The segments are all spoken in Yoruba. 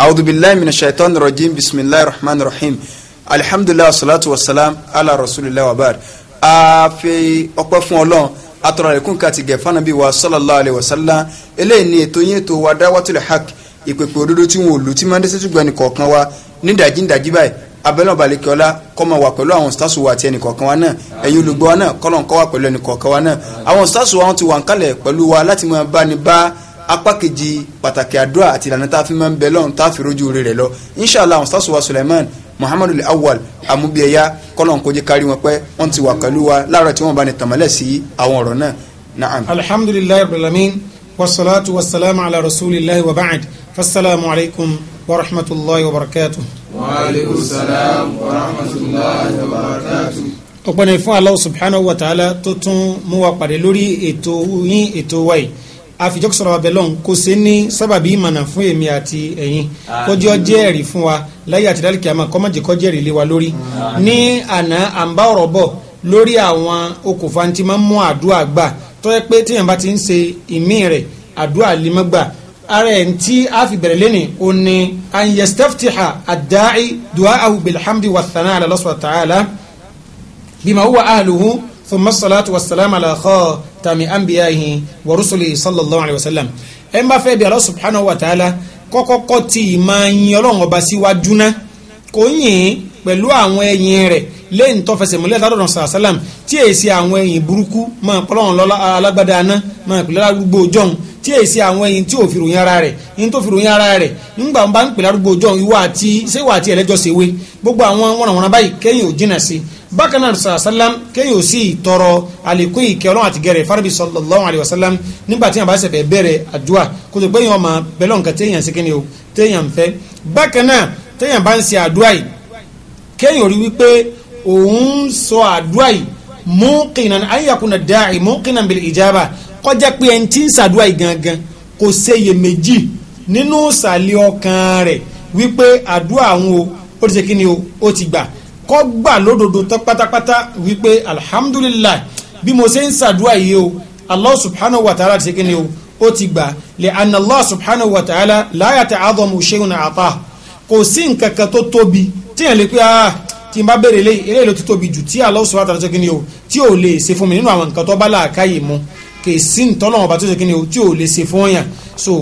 أعوذ بالله من الشيطان الرجيم بسم الله الرحمن الرحيم الحمد لله والصلاة والسلام على رسول الله وبعد a fi ọpẹ́ fún Ọlọ́run atọrọ àlékún kàti gẹfànà bíi wa sallallahu alayhi wa sallam eléyìí ni ètò tí wọn ò tí máa ń dẹ́sẹ̀ tún gba ẹnìkọ̀ọ̀kan wa nídàjí nídàjí báyìí abẹ́lẹ́ ọ̀bàlẹ̀kẹ́ọ́lá kọ́mọ wà pẹ̀lú àwọn stars wa àti ẹnìkọ̀ọ̀kan wa náà ẹ̀yin olùgbọ́ wa náà kọ́lọ̀ ń kọ́ wà pẹ̀lú ẹnìkọ̀ọ̀kan wa náà àwọn stars wa wọn ti wà ń kalẹ̀ pẹ̀lú wa láti máa bá ni bá apá kejì pàtàkì àdúrà àti ìlànà tá a fi máa ń bẹ lọ́run tá a fi rojú rere lọ inshallah àwọn sásùwà Suleiman muhammadu awal amúbíyẹyà kọ́lọ́n kó jẹ́ kárí wọn pé wọ́n ti wà pẹ̀lú wa láàárọ̀ tí wọ́n bá ní tàmọ́lẹ̀ sí àwọn ọ̀rọ̀ náà na'am. alhamdulilayi rabbil alamin wasalaatu wasalaamu ala rasulillahi wa ba'd fasalaamu alaykum wa rahmatulahi wa barakatuh. wa aleykum salaam wa rahmatulahi wa barakatuh. ọ̀pọ̀ àfijọ́ sọ̀rọ̀ abẹ lọ́hùn kò sí ní sábàbí ìmọ̀nà fún èmi àti ẹ̀yin kọjú ọjẹ́ ẹ̀rí fún wa láyé àti dálìkì àmọ́ kọ́mọ̀jì kọjẹ́ ẹ̀rí lé wa lórí ní àná à ń bá ọ̀rọ̀ bọ̀ lórí àwọn okùnfà tí máa ń mú àdúrà gbà tó yẹ pé téèyàn bá ti ń ṣe ìmí rẹ̀ àdúrà limọ́ gbà ara ẹ̀ tí a bẹ̀rẹ̀ lẹ́nìí o ní an bilhamdi wa thana ala Allah subhanahu wa ta'ala ثم الصلاة والسلام على خاتم أنبيائه ورسله صلى الله عليه وسلم ẹ má fẹ́ bí Allah subhanahu wa ta'ala kọ́kọ́kọ́ tí ì máa yin ọlọ́run ọba síwájú náà kò yìn pẹ̀lú àwọn ẹ̀yìn rẹ̀ lẹ́yìn tó fẹsẹ̀ múlẹ̀ ládọ̀dọ̀ sàlám tí èyí sí àwọn ẹ̀yìn burúkú máa pọ́lọ́run lọ́la alágbádá aná máa pèlè arúgbó ọjọ́un tí èyí sí àwọn ẹ̀yìn tí ò fi ròyìn ara rẹ̀ yín tó fi ròyìn ara rẹ̀ ńgbà wọn bá ń pèlè arúgbó ọjọ́un ìwà àti ṣéwà àti ẹ̀lẹ́jọ́ ṣèwé gbogbo àwọn wọ̀nàwọ̀nà báyìí kẹ́yìn ò jìnnà sí i bákan náà sàlá sàlám kéyìn ò tọrọ àlékún ìkẹ́ ọlọ́run àti gẹ̀rẹ̀ farabi sallallahu alayhi wa sallam nígbà tí yàn bá ṣẹ̀fẹ̀ bẹ̀rẹ̀ àdúrà kó tó gbé yàn ọmọ bẹ́lọ̀ nǹkan téèyàn sí kíni o téèyàn fẹ́ bákan náà téèyàn bá ń ṣe àdúrà yìí kéyìn ò rí wípé òun sọ àdúrà yìí múkìnnà ayakuna dáì múkìnnà bil ìjábà kọjá pé ẹni tí ń ṣàdúrà gangan kò séye méjì nínú ìsàlẹ̀ ọkàn rẹ̀ wípé o ó kọ́ gbà lódodo tán pátápátá wípé alhamdulillah bí mo ṣe ń ṣàdúrà yìí o allah subhanahu wa ta'ala ti ṣe ni o ó ti gbà lè anna allah subhanahu wa ta'ala láyà tẹ àdọ̀mù ṣéun àtà kò sí nǹkan kan tó tóbi tí yẹn lè pé ah tí n bá béèrè lé eléyìí ló ti tóbi jù tí allah subhanahu wa ta'ala ti ṣe ni o tí ò lè ṣe fún mi nínú àwọn nǹkan tó bá làákàyè mu kì í sí ntọ́lọ́wọ́n ọba tó ṣe kí ni o tí ò lè ṣe fún yàn so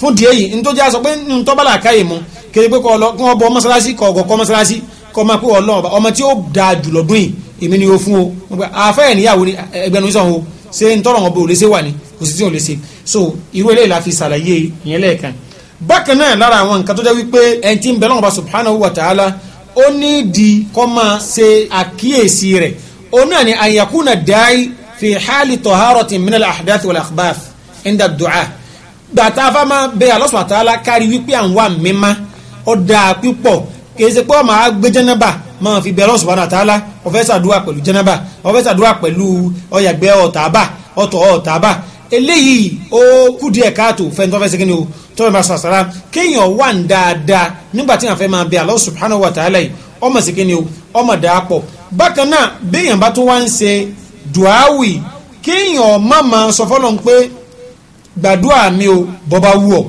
fún díẹ̀ yìí ntọ́jà sọ pé ntọ́bálà káyè mu kéde pé kọ́ ọ lọ kí bọ mọ́sálásí kọ́ ọ̀gọ́ kọ́ mọ́sálásí kọ́ máa pé ọlọ́run ọba ọmọ tí ó da jùlọ dún yìí èmi ni o fún o àfẹ́ ẹ̀ níyàwó ni ẹgbẹ́nu sàn o ṣé ń tọrọ ọba ò lè ṣe wà ní kò sì tí ò lè ṣe so irú eléyìí la fi ṣàlàyé ìyẹn lẹ́ẹ̀kan bákan náà lára àwọn nǹkan tó jẹ́ wípé ẹni tí ń bẹ lọ́wọ́ subhanahu wa ta'ala ó ní di kọ́ ṣe àkíyèsí rẹ̀ ó náà ni àyàkúnà fi hali tọ̀hárọ̀tì minal ahdath wal akhbath inda du'a gbàtà fama bẹ Allah subhanahu kárí wípé à ń wà mímá ó dáa pípọ̀ kì í ṣe pé ọmọ àgbẹ̀ jẹ́nẹ́bà máa fi bẹ̀rẹ̀ ọ̀sùn bánà tààlà ọ̀fẹ́ sàdúrà pẹ̀lú jẹ́nẹ́bà ọ̀fẹ́ sàdúrà pẹ̀lú ọ̀yàgbẹ́ ọ̀tàbà ọ̀tọ̀ ọ̀tàbà eléyìí ó kú díẹ̀ káàtó fẹ́ntọ́fẹ́ segin ni o tọ́wọ́ ma sọ sara kéèyàn wà ń dáadáa nígbà tí wọn fẹ́ máa bẹ Allah subhanahu wa ta'ala yìí ọmọ segin ni o ọmọ dàá pọ̀ bákan náà béèyàn bá tún wá ń ṣe duawi kéèyàn má máa sọ fọlọ́n pé gbàdúrà mi o bọ́ba wù ọ́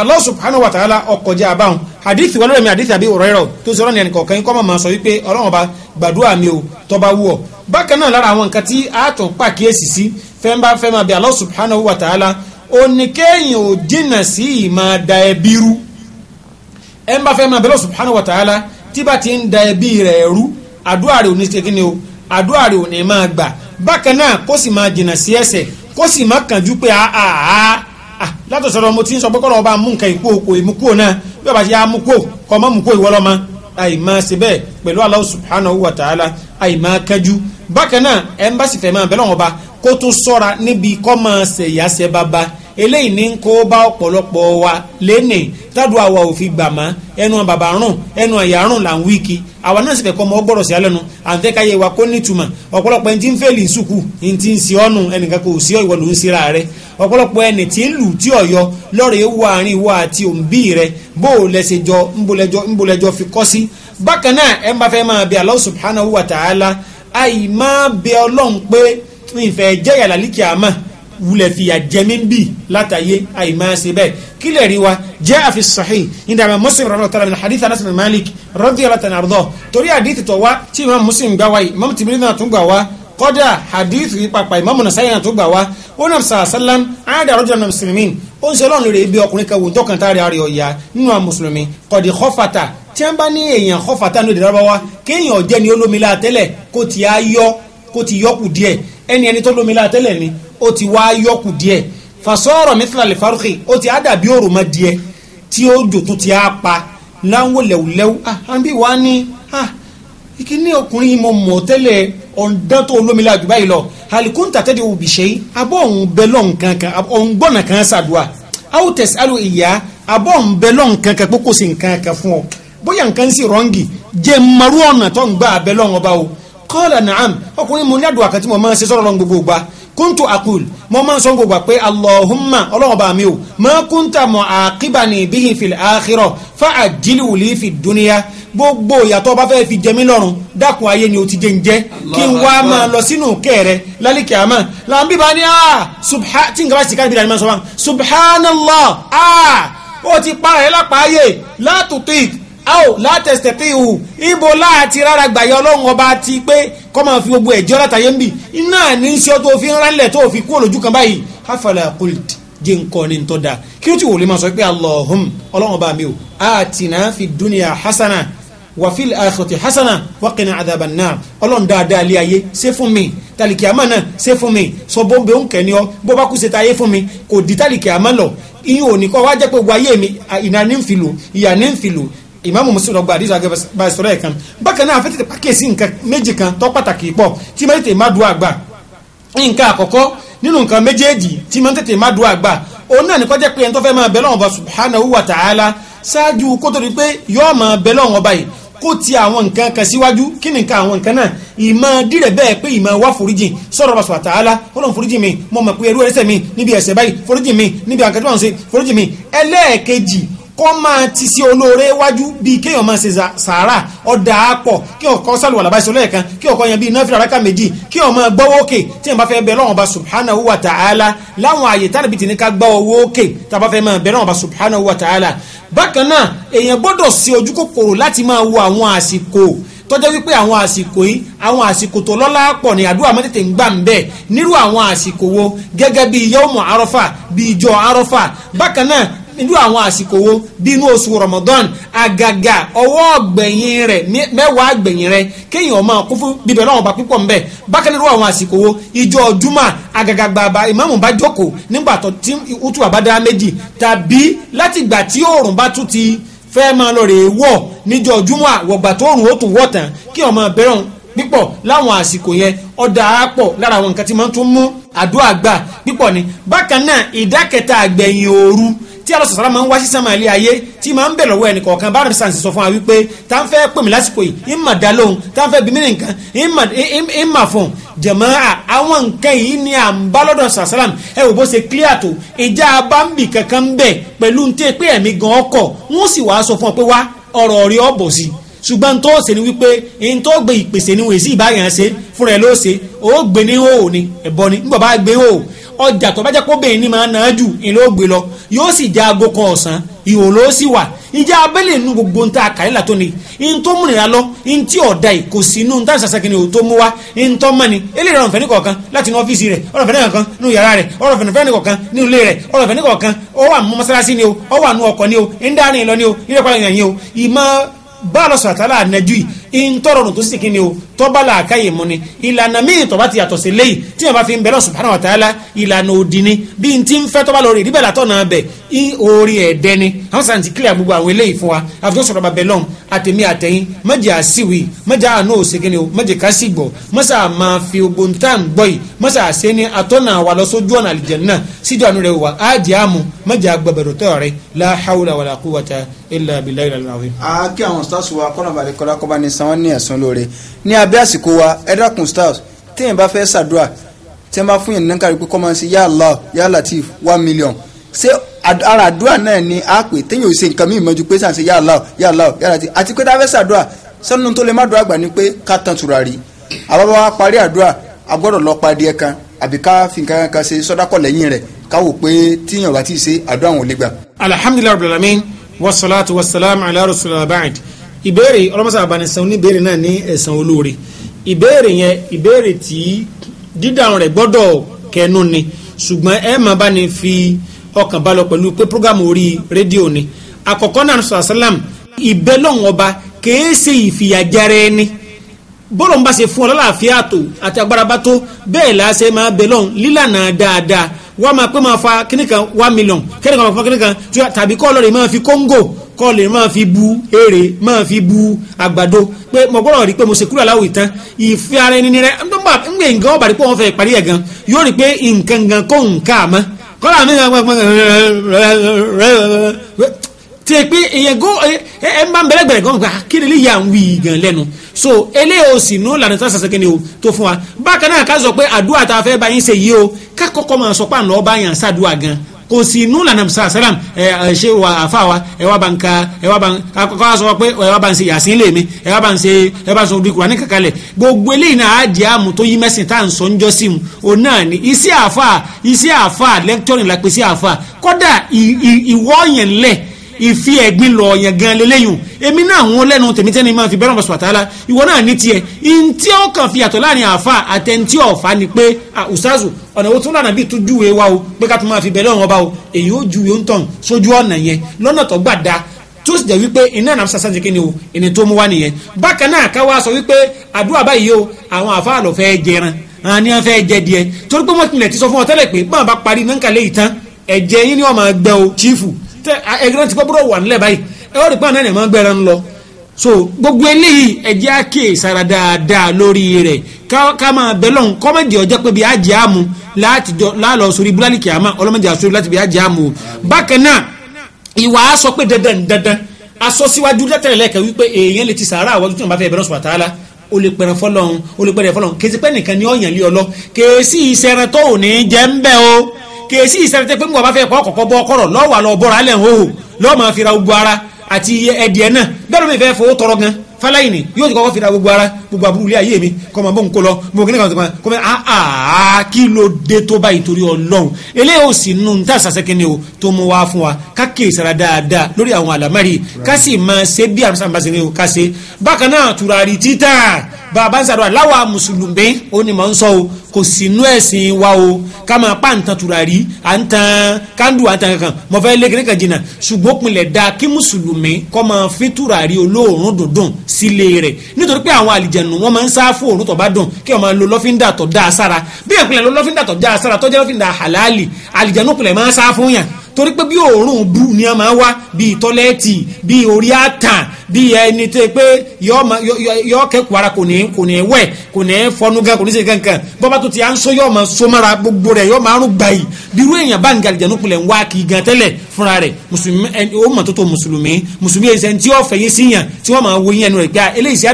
Allah subhanahu wa ta'ala ọkọjá abáhùn hadith wà lórí mi hadith àbí òrẹ́rọ̀ tó sọ̀rọ̀ ní ẹnìkọ̀ọ̀kan yín kọ́ máa sọ wípé ọlọ́run bá gbàdúrà mi o tó bá wù ọ́ bákan náà lára àwọn nǹkan tí a tún pàkíyèsí sí fẹ́ bá fẹ́ máa bẹ Allah subhanahu wa ta'ala oníkéyìn ò dínà sí ìmọ̀ da ẹbí rú ẹ bá fẹ́ máa bẹ Allah subhanahu wa ta'ala tí bá ti ń da ẹbí rẹ̀ rú àdúrà rẹ̀ ò ní ṣe kíni o àdúrà rẹ̀ ò látòsọ̀rọ̀ mo ti ń sọ pé kọ́lọ́ ọba mú nǹkan ìkú òkò ìmúkúò náà bí ọba ṣe á mú kó kọ́ mọ́ mú kó ìwọ́ lọ́mọ àìmọ́ ṣe bẹ́ẹ̀ pẹ̀lú Allah subhanahu wa ta'ala àìmọ́ kẹjú bákan náà ẹ̀ ń bá sì fẹ́ máa bẹ́ẹ̀ lọ́wọ́ ọba kó tó sọ́ra níbi kọ́ máa ṣẹ̀yà ṣẹ́ bàbá eléyìí ní kó bá ọ̀pọ̀lọpọ̀ wa lene tádùá wa ò fi gbà ẹnu bàbá rùn ẹnu ẹ̀yà rùn là ń wí àwa náà sì fẹ́ kọ́ ọmọ ọgbọ́rọ̀ sí alẹ́nu àǹtẹ́káyé wa kó nítumọ̀ ọ̀pọ̀lọpọ̀ ẹni tí ń fẹ́ẹ̀lì sùkú ẹni tí ń ọ́nù ẹnìkan kò ewu àárín ìwọ àti òǹbí rẹ bó o lẹ́sẹ̀ jọ ńbọ̀lẹ́jọ fi kọ́ sí bákan náà ẹ fẹ́ máa bẹ subhanahu wa ta'ala wulẹ̀ fìyà jẹ́mi bí látàyé àyè máa ṣe bẹ́ẹ̀ kílẹ̀ rí wa jẹ́ àfi sahih inda Imam Muslim rọ̀rọ̀ tọ́lá min hadith Anas bin Malik radiyallahu ta'ala anhu torí hadith tó wá tí Imam Muslim gbà wáyé Imam Tirmidhi náà tún gbà wá kọ́dà hadith yìí pàpà Imam Nasa'i náà tún gbà wá ó nà sàlá sálám àádà rọ́jò nà mùsùlùmí ó ń ṣe ọlọ́run rè é bí ọkùnrin kan wòótọ́ kan táàrí àárẹ̀ ọ̀yà nínú àwọn mùsùlùmí kọ̀dí kọ́fàtà tí wọ́n bá ní èèyàn kọ́fàtà ní òde rábáwá kéèyàn ọ̀jẹ́ ni ó lómi láàtẹ́lẹ̀ kó ti á yọ kó ti yọkù díẹ̀ ẹni ẹni tó lómi láàtẹ́lẹ̀ ni ó ti wá yọkù díẹ̀ fasọ́rọ̀ mithla lè farukì ó ti àdàbí òrùmọ díẹ̀ tí ó jò tó ti á pa láwọn lẹ́wùlẹ́wù ah, àbí wàá ní ah, ìkíní ọkùnrin mo mọ̀ tẹ́lẹ̀ ọ̀ǹdán tó olómi lájú báyìí lọ alikun tàtẹ́dẹ̀ òbí ṣe é abọ́ òun bẹ lọ́n kankan òun gbọ́nà kan ṣàdùà áwùtẹ̀sí alo ìyá abọ́ òun bẹ lọ́n kankan pé kò sí nǹkan kan fún ọ bóyá nǹkan sì rọ́ǹgì jẹ́ mọ́rú ọ̀nà tó ń gbà abẹ́ lọ́n ọba o kọ́ọ̀lá nàám ọkùnrin mo ní àdùà kan tí mo máa ń ṣe sọ́rọ̀ lọ́n gbogbo gbà kúntù àkùl mo máa ń sọ gbogbo pé allahumma ọlọ́run bá mi o ma kunta mu'aqibani bihi fil akhirah fa ajilhu li fi dunya gbogbo ìyàtọ̀ bá fẹ́ fi jẹ mí lọ́rùn dákun ayé ni o ti jẹ ń n wá máa lọ sínú kẹrẹ lálẹ́kẹ̀ àmọ́ làǹbí bá a ah, subha tí n kaba sì káàdì bíi àdìmọ́ sọ fún wa subhanallah a ah, ó ti para ẹ̀ lápá ayé látòtò ao látẹ̀sẹ̀ tí ihò ibo láti rárá gbàyà ọlọ́run ọba ti pé kọ́ máa fi gbogbo ẹ̀jọ́ látàyé ń bì iná ní í ṣe tó fi ń ránlẹ̀ tó fi kú olójú kan báyìí hafala kult jẹ́ nǹkan ní tó dáa kí ló ti wò lè máa sọ pé allahum ọlọ́run ọba mi o àtìná fi dúnìyà hasana wàfíìlì àkọtì hasana wàkìnà àdàbànà ọlọ́run dáadáa lé ayé ṣe fún mi tàlìkì àmà náà ṣe fún mi sọ bóńbé ń ni ọ bó bá kú ṣe ta fún mi kò di tàlìkì àmà lọ ìyún òní kọ́ wá jẹ́ pé gbogbo mi ìnà ń fi lò ń fi ìmáàmù Muslim lọ gba àdìsọ àgbà ìsọ̀rọ̀ ẹ̀ kan bákan náà afẹ́tẹ̀tẹ̀ pàkíyèsí nǹkan méjì kan tó pàtàkì pọ̀ tí máa tètè má du àgbà nǹkan àkọ́kọ́ nínú nǹkan méjèèjì tí máa tètè má du àgbà òun náà ní kó jẹ́ pé ẹni tó fẹ́ máa bẹ Ọlọ́hun Ọba subhanahu wa ta'ala ṣáájú kó tó di pé yọ́ọ́ máa bẹ Ọlọ́hun Ọba yìí kó ti àwọn nǹkan kan síwájú kí ni nǹkan àwọn nǹkan náà ìmọ̀ dírẹ̀ bẹ́ẹ̀ pé ìmọ̀ wá foríjìn sọ̀rọ̀ bá sọ̀tà á la ọlọ́run foríjìn mi mo mọ̀ pé ẹrú ẹ̀ṣẹ̀ mi níbi ẹ̀ṣẹ̀ báyìí foríjìn mi níbi àkàtúwọ̀n ṣe foríjìn mi ẹlẹ́ẹ̀kejì kọ́ máa ti sí olóore wájú bíi kéèyàn máa ṣe sàárà ọ̀dà àpọ̀ kí ọkọ̀ sálùwà làbá ìṣòlẹ̀ kan kí ọkọ̀ yẹn bíi náfìlà rákà méjì kí ọ gbọ́wọ́ òkè tí ẹ̀ bá fẹ́ bẹ̀ lọ́wọ́ subhanahu wa ta'ala láwọn àyè tálíbi tì ní ká gbọ́ owó òkè tá a bá fẹ́ máa bẹ̀ lọ́wọ́ bá subhanahu wa ta'ala bákan náà èèyàn gbọ́dọ̀ ṣe ojú kòkòrò láti máa wo àwọn àsìkò tọ́jọ́ wípé àwọn àsìkò yìí àwọn àsìkò tó lọ́lá pọ̀ ní àdúrà mọ́tètè ń gbà ń bẹ̀ nírú àwọn àsìkò wo gẹ́gẹ́ bíi yọ́mọ̀ arọ́fà bíi ìjọ arọ́fà bákan náà irú àwọn àsìkò wo bínú oṣù Ramadan agaga ọwọ́ ọ̀gbẹ̀yìn rẹ̀ mẹ́wàá àgbẹ̀yìn rẹ̀ kéèyàn ọmọ kún fún bíbẹ̀ náà ọba púpọ̀ ńbẹ bákan irú àwọn àsìkò wo ìjọ ọdúnmà àgàgà bàbá ìmáàmù bá jókòó nígbà tó tí utu àbádá méjì tàbí látìgbà tí oòrùn bá tún ti fẹ́ máa lọ rèé wọ̀ níjọ ọdúnmà wọ̀gbà tó oòrùn ó tún wọ̀ tán kí ọmọ bẹ́rẹ̀ pípọ̀ láwọn àsìkò yẹn ọ̀dà àpọ̀ lára àwọn nǹkan tí máa tún mú àdúrà gbà pípọ̀ ni bákan náà ìdá kẹta àgbẹ̀yìn òru tí alọ́ sọ̀sọ́ra máa ń wá sí sánmà ilé ayé tí máa ń bẹ̀ lọ́wọ́ ẹnì kọ̀ọ̀kan bá rẹ̀sán sọ fún wa wípé tá ń fẹ́ pè mí lásìkò yìí ń mà dá lóhùn tá ń fẹ́ bí mí nìkan ń mà fún jàmáà àwọn nǹkan yìí ni à ń bá lọ́dọ̀ sàsálàm ẹ wò bó ṣe clear tó ìjà abáǹbì kankan bẹ̀ pẹ̀lú ń tẹ́ pé ẹ̀mí gan ọkọ̀ wọ́n sì wàá sọ fún ọ pé wá ọ̀rọ̀ rí ọ bọ̀ sí i ṣùgbọ́n tó ṣe ni wípé n tó gbé ìpèsè ni wèsì ìbáyà ṣe fúnra ẹ ló ṣe ó gbé ní hòhò ẹ̀bọ ni nígbà bá gbé hòhò ọjà tó bá jẹ́ kó bẹ́ẹ̀ ni máa náà jù ìlú ògbé lọ yóò sì já aago kan ọ̀sán ìhò ló sì wà ìjà abẹ́lẹ̀ nu gbogbo nta àkàlẹ́là tó ni in tó múnira lọ in tí ọ̀dà yìí kò sí inú nta sàṣàkì ni ò tó mú wa in tó mọ́ ni eléyìí ọ̀rọ̀ fẹ́ni kọ̀ọ̀kan láti inú ọ́fíìsì rẹ̀ ọ̀rọ̀ fẹ́ni kọ̀ọ̀kan nínú yàrá rẹ̀ ọ̀rọ̀ fẹ́ni fẹ́ni kọ̀ọ̀kan nínú ilé rẹ̀ ọ̀rọ̀ fẹ́ni kọ̀ọ̀kan ó wà mọ́sálásí ni o ó wà nú ọkọ̀ ni o ń lọ ni o ìrẹ́pàá yẹn yẹn o ìmọ̀ ìntọ́rọ̀nù tó sì kí ni o tọ́ba làákàyè mu ni ìlànà míì tọ́ba ti yàtọ̀ sí léyìí tí yàrá fi ń bẹ̀rẹ̀ subhanahu wa ta'ala ìlànà òdì ni bí n ti ń fẹ́ tọ́ba lọ rí ìdíbẹ̀ látọ̀ náà bẹ̀ í orí ẹ̀dẹ́ ni àwọn sàn ti kílíà gbogbo àwọn eléyìí fún wa àfihàn sọ̀rọ̀ bàbẹ̀ lọ́n àtẹ̀mí àtẹ̀yìn mẹ́jẹ̀ àṣìwì mẹ́jẹ̀ àánú òṣèkìnì o mẹ́jẹ̀ kásì gbọ̀ mọ́sà máa fi ogun tá à ń gbọ́ yìí mọ́sà àṣẹ ni atọ́nà wa lọ sójú ọ̀nà àlìjẹ̀nnà síjú àánú rẹ̀ wà á jẹ́ àmú mẹ́jẹ̀ agbẹ̀bẹ̀rẹ̀ tọ́ rẹ̀ la hawla wala quwwata illa billahi al-azim. a kí àwọn stars wa kọ́nà balẹ̀ kọ́lá san wọ́n ní ẹ̀sùn lóore ní abẹ́ àsìkò wa ẹ̀dàkùn stars téèyàn bá fẹ́ ṣàdúrà tí wọ́n bá fún yẹn nínú kárí pé kọ́ máa ń ṣe ya Allah ya Latif one million ṣé ara àdúrà náà ni a pè téèyàn ò ṣe nǹkan mí ìmọ̀jú pé sàn ṣe ya Allah ya Allah ya Latif àti pé tá a fẹ́ ṣàdúrà sẹ́nu tó lè má dùn àgbà ni pé ká tan tùràrí àwọn bá wa parí àdúrà a gbọ́dọ̀ lọ pa díẹ̀ kan àbí ká fi nǹkan kan ṣe sọ́dákọ̀ lẹ́yìn rẹ̀ ká wò pé tíyàn bá ti ṣe àdúrà wọn lè gbà. alhamdulilayi rabbil alamin wasalaatu wasalaamu ala rasulillah ba'id ìbéèrè ọlọ́mọsá àbánisàn oníbéèrè náà ní ẹ̀sán olóore ìbéèrè yẹn ìbéèrè tí dídáhùn rẹ̀ gbọ́dọ̀ kẹnu ni ṣùgbọ́n ẹ máa bá ní fi ọkàn bá lọ pẹ̀lú pé prógámù orí rédíò ni àkọ́kọ́ náà sọ àsálàm ìbẹ́lọ́hún ọba kèé ṣe ìfìyàjára ẹni bọ́lọ̀ ń bá ṣe fún ọ lálàáfíà tó àti agbára bá tó bẹ́ẹ̀ láṣẹ máa bẹ́lọ́hún lílànà dáadáa wọ́n máa pé máa fa kíníkan one million kẹ́nìkan máa fa kíníkan tàbí kọ́ ọlọ́rin máa fi kóńgò kọ́ lè máa fi bu èrè máa fi bu àgbàdo pé mo gbọ́dọ̀ rí i pé mo ṣe kúrò aláwọ̀ ìtàn ìfẹ́ ara ẹni rẹ nígbà ńgbè nǹkan ọ̀bà rí pé wọ́n fẹ́ parí ẹ̀ gan yóò rí i pé nǹkan gan kó nǹkan àmọ́ kọ́lá mi gan gan tí e pé èyàn gó ẹ máa ń bẹ̀rẹ̀ gbẹ̀rẹ̀ gan gba ah, kí ni eléyìí à ń wí gan lẹ́nu so eléyìí o sì nú lànà tó sàṣẹ́ kẹ́ni o tó fún wa bákan náà ká sọ pé àdúrà tá a fẹ́ bá yín ṣe yìí o ká kọ́kọ́ máa sọ pé àná ọba yàn sàdúrà gan kò sí inú lànà sàlám ẹ ṣe wà àfa wa ẹ wá bá ka ẹ wá bá kọ́ wa sọ pé ẹ wá bá ń ṣe yàsín lè mi ẹ wá bá ń ṣe ẹ bá ń sọ orí kura ní kàkálẹ̀ gbogbo eléyìí náà á jẹ́ àmú tó yí mẹ́sìn tá à ń sọ ń jọ́ sí mu ò náà ni iṣẹ́ àfa iṣẹ́ àfa lẹ́kítọ́rì la àfa kọ́dà ìwọ́ yẹn lẹ̀ ìfi ẹ̀gbin lọ ọ̀yàn gan lélẹ́yìn èmi náà wọn lẹ́nu tèmi tẹ́ni máa fi bẹ́rẹ̀ bọ̀ sọ̀tàlá ìwọ náà ní tiẹ̀ ntí ó kàn fi àtọ̀ láàrin àfa àtẹ̀ntí ọ̀fà ni pé àùsàzù ọ̀nà wo tún lànà bíi tún júwe wa o pé ká tún máa fi bẹ́rẹ̀ wọn bá o èyí ó júwe ń tàn sójú ọ̀nà yẹn lọ́nà tó gbà dáa tó sì jẹ́ wípé iná nàá sàṣà ti kí ni o ìní tó mú wá nìyẹn bákan náà ká wá sọ wípé àdúrà báyìí o àwọn àfáà lọ fẹ́ jẹran àwọn ni wọ́n fẹ́ jẹ díẹ̀ torí pé wọ́n tilẹ̀ ti sọ fún ọ tẹ́lẹ̀ pé báwọn bá parí náà ń kàlẹ́ ẹ̀jẹ̀ yín ni wọ́n máa gbẹ o chiefu tẹ ẹran ti gbọ́dọ̀ wà nílẹ̀ báyìí ẹ wọ́n rí ẹ̀ máa ń lọ so gbogbo eléyìí ẹ̀jẹ̀ àkè sára dáadáa lórí rẹ̀ ká máa bẹ lọ́hùn kọ́mẹ́dì ọjọ́ pé bí ajé àmú láàlọ́ sórí búrálì kìámà ọlọ́mọdé àsórí láti bí ajé àmú bákan náà ìwà á sọ pé dandan dandan aṣọ síwájú lẹ́tẹ̀rẹ̀ lẹ́kẹ̀ wípé èèyàn lè ti sàárà àwọn tó ń bá fẹ́ o lè pẹ̀rẹ̀ fọlọ́hún o lè pẹ̀rẹ̀ fọlọ́hún kèsì pẹ́ nìkan ni ọ̀yàn lé ọ lọ kèsì ìṣẹ̀rẹ̀ tó ò ní jẹ́ ń bẹ́ o kèsì ìsẹ̀fẹ̀tẹ̀ pé mo bá fẹ́ kọ́ kọ̀kọ́ bọ́ ọkọ̀rọ̀ lọ́wọ́ àlọ́ bọ́ra lẹ̀ ń hó lọ́ọ́ máa fira gbogbo ara àti ẹ̀dìẹ̀ náà bẹ́ẹ̀ ló mi fẹ́ fowó tọrọ gan fáláyìnì yóò ti kọ́kọ́ fira gbogbo ara gbogbo àbúrò ilé ayé mi kọ́ máa bó ń kó lọ mo kí ni kàwọn tó máa kọ́ mi àá kí ló dé tó báyìí torí ọlọ́run eléyìí ò sì nù níta sàṣẹ́kí ni o tó mú wá fún wa ká kè sára dáadáa lórí àwọn àlámárì ká sì máa ṣe bí àrùn sàǹbàṣe ni o ká ṣe bàbá ń sàdúrà láwa mùsùlùmí ó ní mọ̀ ń sọ o kò sínú ẹ̀sìn wa o ká máa pa ǹtan tùràrí à ń tan kándù à ń tan kankan mo fẹ́ lé kékeré jìnnà ṣùgbọ́n pinlẹ̀ da kí mùsùlùmí kọ́ máa fi tùràrí olóòórùn dùndùn sílé rẹ̀ nítorí pé àwọn àlìjẹ̀nù wọn máa ń sá fún òórùn tó bá dùn kí wọn máa lo lọ́fíńdà tó dáa sára bí ìpínlẹ̀ lo lọ́fíńdà tó dáa sára tó lọ́fíńdà halali àlìjẹ̀nù pinlẹ̀ máa ń sá fún yàn torí pé bí òórùn bú ni a máa wá bíi tọ́lẹ́ẹ̀tì bíi orí àtàn bíi ẹni tó pé yọ kẹ́kọ̀ọ́ ara kò ní kò ní wẹ̀ kò ní fọnú gan kò ní ṣe kankan bọ́bá tó ti à ń sọ yọ máa so mára gbogbo rẹ̀ yọ máa rún gbàyì bí irú èèyàn bá ń gàlìjà ní kulẹ̀ ń wá kì í gan tẹ́lẹ̀ fúnra rẹ̀ mùsùlùmí ó mọ̀ tó tó mùsùlùmí mùsùlùmí ẹ̀sẹ̀ tí ó fẹ̀ yín síyàn tí wọ́n máa wo yín ẹnu rẹ̀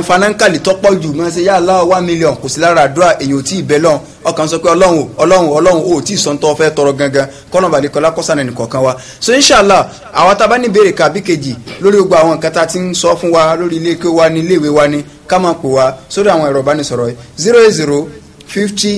ah, gbá àlè tọ́pọ̀ jù máa ṣe ya one million kò sí lára àdúrà èyàn ò tí ì bẹ́ ọkàn sọ pé ọlọ́run ọlọ́run ọlọ́run ò tí ì sọ ń tọ́ fẹ́ tọrọ gangan kọ́nà balẹ̀ kọ́lá kọ́sánà nìkọ̀ọ̀kan wa so inshallah àwọn tá a bá ní béèrè kàbí kejì lórí gbogbo àwọn nǹkan tá a ti ń sọ fún wa lórí ilé ike wa ní iléèwé wa ni ká máa pè wá sórí àwọn ẹ̀rọ ìbánisọ̀rọ̀ zero eight zero fifty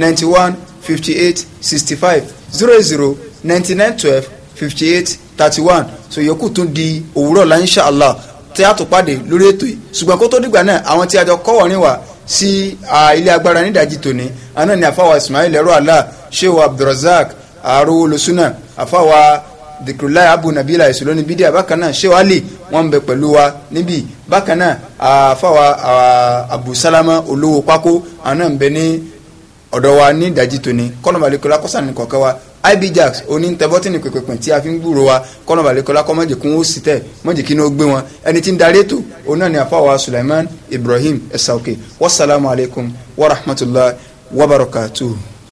ninety one fifty eight sixty five zero eight zero ninety nine twelve fifty eight thirty one so yòókù tún di òwúrọ̀ la inshallah tí a tó pàdé lórí ètò yìí ṣùgbọ́n kó tó dìgbà náà àwọn tí a jọ kọ́ wọ̀nyí wá sí ilé agbára nídàájí tòní àná ni àfáwà Ismail ẹ̀rọ àlá sheu Abdulrasaq àrò lọ́sùnà àfáwà dìkùrùláì abu nabila ìṣòlóní bídí bákan náà sheu Ali wọ́n bẹ pẹ̀lú wa níbí bákan náà abu salama olówó pákó àná bẹ ní ọ̀dọ̀ wa ní ìdájí tóní kọ́nà balẹ̀kọ́lá kọ́sà ní kọ̀ọ̀kan wa ibijax onítẹ̀bọ́tìnì pẹ̀pẹ̀pẹ̀ tí a fi ń gbúrò wa kọ́nà balẹ̀kọ́lá kọ́ mọ̀jẹ̀ kún ó sì tẹ̀ mọ̀jẹ̀ ni ó gbé wọn ẹni tí ń darí ètò òun náà ni àfàwà Sulaiman Ibrahim Esauke wasalaamualeykum wa rahmatulah wa barakatuhu.